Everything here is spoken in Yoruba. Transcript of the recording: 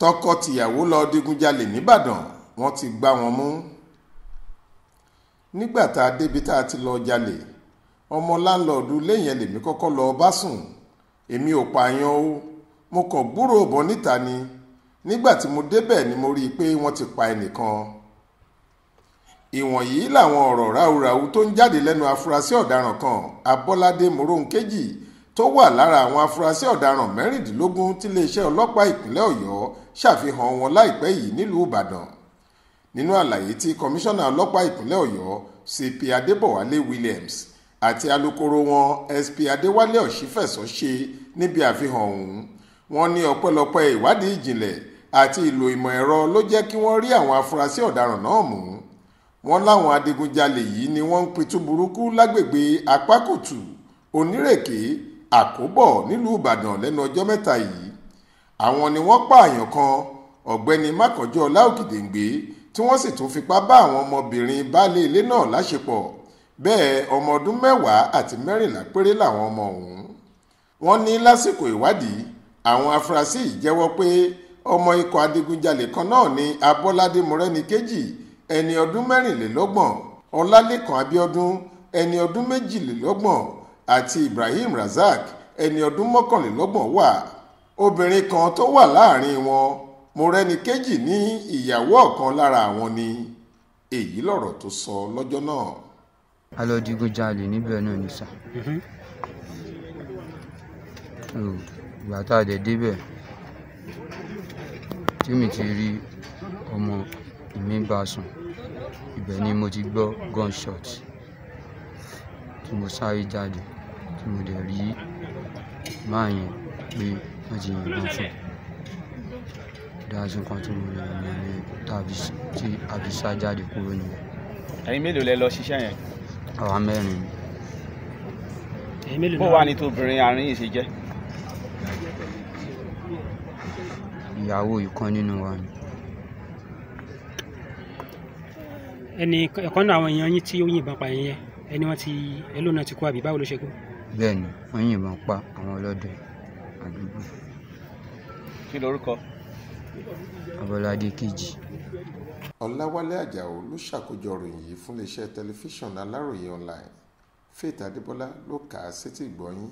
tọkọ-tìyàwó lọ digunjalè nìbàdàn wọ́n ti gbá wọn mú nígbà tá a débi tá a ti lọ jalè ọmọ láńlọ́ọ̀dù lẹ́yìn lèmi kọ́kọ́ lọ bá sùn èmi ò pààyàn o mo kàn gbúrò bọ́ níta ni nígbà tí mo débẹ̀ ni mo rí i pé wọ́n ti pa ẹnìkan ìwọ̀nyí làwọn ọ̀rọ̀ ráúráú tó ń jáde lẹ́nu afurasí ọ̀daràn kan abọ́ládé moronkeji tó wà lára àwọn afurasí ọ̀daràn mẹ́rìndínlógún tiléeṣẹ́ ọlọ́pàá ìpínlẹ̀ ọ̀yọ́ ṣàfihàn wọn láìpẹ́ yìí nílùú ìbàdàn nínú àlàyé tí kọmíṣánná ọlọ́pàá ìpínlẹ̀ ọ̀yọ́ cp adébọ̀wálé williams àti alukoro wọn sp adéwálé ọ̀ṣífẹ̀sọ ṣe níbi àfihàn ọ̀hún wọn ní ọpẹ́lọpẹ́ ìwádìí ìjìnlẹ̀ àti ìlò ìmọ̀ ẹ̀rọ ló jẹ́ kí wọ́n rí àwọn afurasí ọ̀daràn náà mú wọn láwọn adigunjalè yìí ni wọ́n ń pitú burúkú lágbègbè apákòtù onírèké àkóbọ̀ nílùú ìbàdàn lẹ́nu ọjọ́ mẹ́ta yìí àwọn ni wọ́n pààyàn kan ọ̀gbẹ́ni mákànjọ́ láòkìdéǹgbé tí wọ́n sì tún fipá bá àwọn ọmọbìnrin baálé ilé náà láṣepọ̀ bẹ́ẹ̀ ọmọ ọdún mẹ́wàá àti mẹ́rìnlá péré làwọn ọmọ ọ̀hún wọ́n ní lásìkò ìwádìí àwọn afurasí yìí jẹ́wọ́ pé ọmọ ikọ̀ adigunjalè kan náà ni abọ́ládé mọ́rẹ́nikẹ́jì ẹni ọdún mẹ́rìnlélọ́gbọ̀n ọlálẹ́kan abíọ́dún ẹni ọdún méjìlélọ́gbọ̀n àti ibrahim razak ẹni ọdún mọ́kànlélọ́gbọ̀n wà obìnrin kan tó wà láàrin wọn mọ̀rẹ́nikejì ní ìyàwó ọ̀kan lára àwọn ni èyí lọ̀rọ̀ tó sọ lọ́jọ́ náà. a lọ digunjalè níbẹ̀ náà ní sà mhm. ìgbà tá a dẹ̀ débẹ̀ tí mi ti rí ọmọ ìmí bá sùn ibẹ̀ ni mo ti gbọ́ gunshot tí mo sáré jáde tí mo dẹ̀ rí máa yẹn pé ajiyan banfo dáhùn kan tí mo lè rìn ní tí abisa jáde kúrò nìyẹn. ẹ̀yin mélòó lẹ lọ ṣiṣẹ́ yẹn. àwa mẹ́rin. bó wàá ní tóbìnrin àárín yìí ṣe jẹ́. ìyàwó ìkan nínú wa ni. ẹni ẹ̀kan náà àwọn èèyàn yín tí ó yìnbọn pa yẹn ẹni wọn ti ẹlòmíràn kí lorúkọ. Abọ́ládé Kejì. Ọláwálé Àjàó ló ṣàkójọ ìròyìn yìí fún iléeṣẹ́ tẹlifíṣàn Aláròye online Faith Adébọ́lá ló kà á sétí ìgbọ́yín.